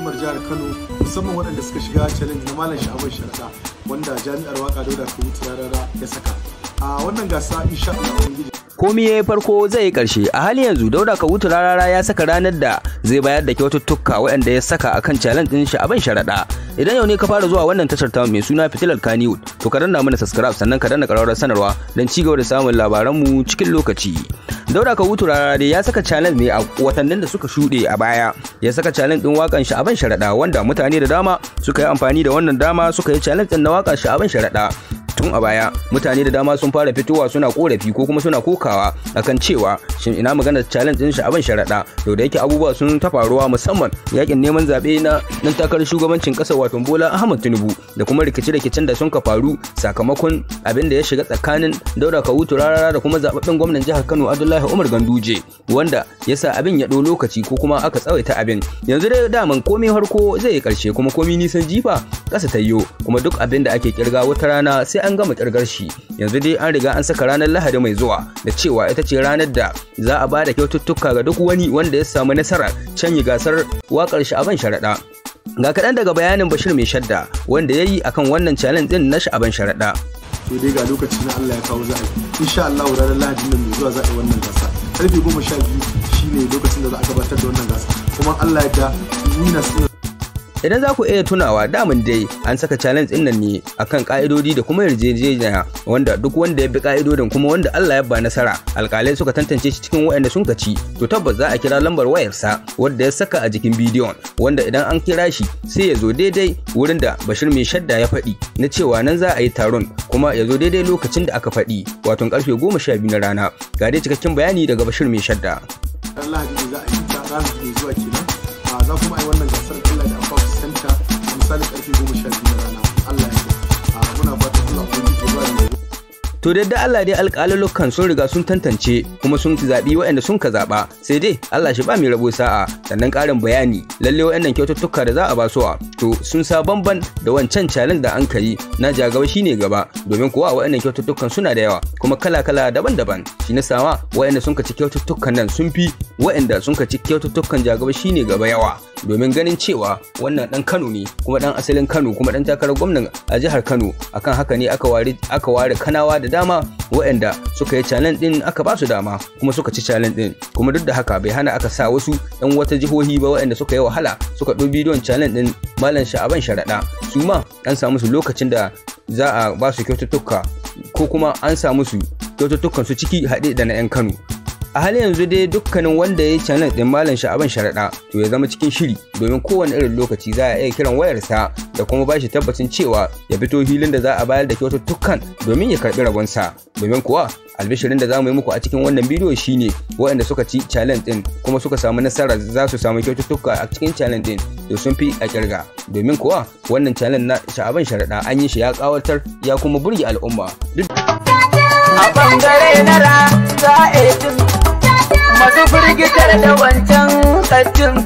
Umar jihar Kano musamman waɗanda suka shiga challenge na Malam Shahabar Sharaɗa wanda jami'ar waka Dauda Kawutu turarara ya saka. a wannan gasa isha komi ya yi farko zai yi karshe a hali yanzu dauda kawutu rarara ya saka ranar da zai bayar da kyaututtuka waɗanda ya saka akan challenge ɗin shi abin sharaɗa idan yau ne ka fara zuwa wannan tashar ta mai suna fitilar kaniwood to ka danna mana subscribe sannan ka danna ƙararrawar sanarwa don ci gaba da samun labaranmu cikin lokaci dauda kawutu rarara dai ya saka challenge ne a watannin da suka shuɗe a baya ya saka challenge ɗin waƙan shi abin sharaɗa wanda mutane da dama suka yi amfani da wannan dama suka yi challenge ɗin na waƙan shi sharaɗa tun a baya mutane da dama sun fara fitowa suna korafi ko kuma suna kokawa akan cewa shin ina maganar challenge din sha'aban sharaɗa to da yake abubuwa sun ta faruwa musamman yakin neman zaɓe na nan takarar shugabancin ƙasar wato Bola Ahmad Tinubu da kuma rikice-rikicen da sun ka faru sakamakon abin da ya shiga tsakanin Dauda Kawutu Rarara da kuma zaɓaɓɓen gwamnan jihar Kano Abdullahi Umar Ganduje wanda ya sa abin ya ɗo lokaci ko kuma aka tsawaita abin yanzu dai daman komai harko zai yi karshe kuma komai nisan jifa ƙasa ta kuma duk abin da ake kirga wata rana sai an an gama kirgar shi yanzu dai an riga an saka ranar lahadi mai zuwa da cewa ita ce ranar da za a bada kyaututtuka ga duk wani wanda ya samu nasara canyi gasar wakar shi sha'aban sharaɗa ga kaɗan daga bayanin bashir mai shadda wanda ya yi akan wannan challenge din na sha'aban sharaɗa to dai ga lokaci na Allah ya kawo za insha Allah ranar lahadi nan mai zuwa za a yi wannan gasa karfe 12 shine lokacin da za a gabatar da wannan gasa kuma Allah ya ga ni na idan za ku iya tunawa damun dai an saka challenge din nan ne akan ka'idodi da kuma yarjejeniya wanda duk wanda ya bi ka'idodin kuma wanda Allah ya ba nasara alƙalai suka tantance shi cikin waɗanda sun kaci to tabbas za a kira lambar wayarsa wanda ya saka a jikin bidiyon wanda idan an kira shi sai ya zo daidai wurin da Bashir mai shadda ya faɗi na cewa nan za a yi taron kuma ya zo daidai lokacin da aka faɗi wato karfe goma sha biyu na rana ga dai cikakken bayani daga Bashir mai shadda. Allah za a yi zuwa kenan za kuma wannan to da da' Allah dai alƙalalukan sun riga sun tantance kuma sun zaɓi waɗanda sun ka zaɓa sai dai Allah shi ba mai rabo sa'a sannan ƙarin bayani lalle waɗannan kyaututtuka da za a ba suwa to sun sa bamban da wancan challenge da an kai na jagaba shine gaba domin kuwa waɗannan kyaututtukan suna da yawa kuma kala-kala daban-daban shi na sama waɗanda sun ka ci kyaututtukan nan sun fi waɗanda sun ka ci kyaututtukan jagaba shine gaba yawa domin ganin cewa wannan dan Kano ne kuma dan asalin Kano kuma dan takarar gwamnan a jihar Kano akan haka ne aka ware aka ware Kanawa da dama waɗanda suka yi challenge din aka ba su dama kuma suka ci challenge din kuma duk da haka bai hana aka sa wasu yan wata jihohi ba waɗanda suka yi wahala suka ɗau bidiyon challenge din malam sha'aban sharaɗa su ma an samu su lokacin da za a ba su kyaututtuka ko kuma an samu su kyaututtukan su ciki haɗe da na 'yan Kano a hali yanzu dai dukkanin wanda ya yi canar din malam sha'aban sharaɗa to ya zama cikin shiri domin kowane irin lokaci za a iya kiran wayarsa da kuma ba shi tabbacin cewa ya fito filin da za a bayar da kyaututtukan domin ya karɓi rabonsa domin kuwa albishirin da za mu yi muku a cikin wannan bidiyo shine waɗanda suka ci challenge din kuma suka samu nasara za su samu kyaututtuka a cikin challenge din to sun fi a kirga domin kuwa wannan challenge na sha'aban sharaɗa an yi shi ya ƙawatar ya kuma burge al'umma. A bangare na ra za a yi masu firgitar da wancan sattin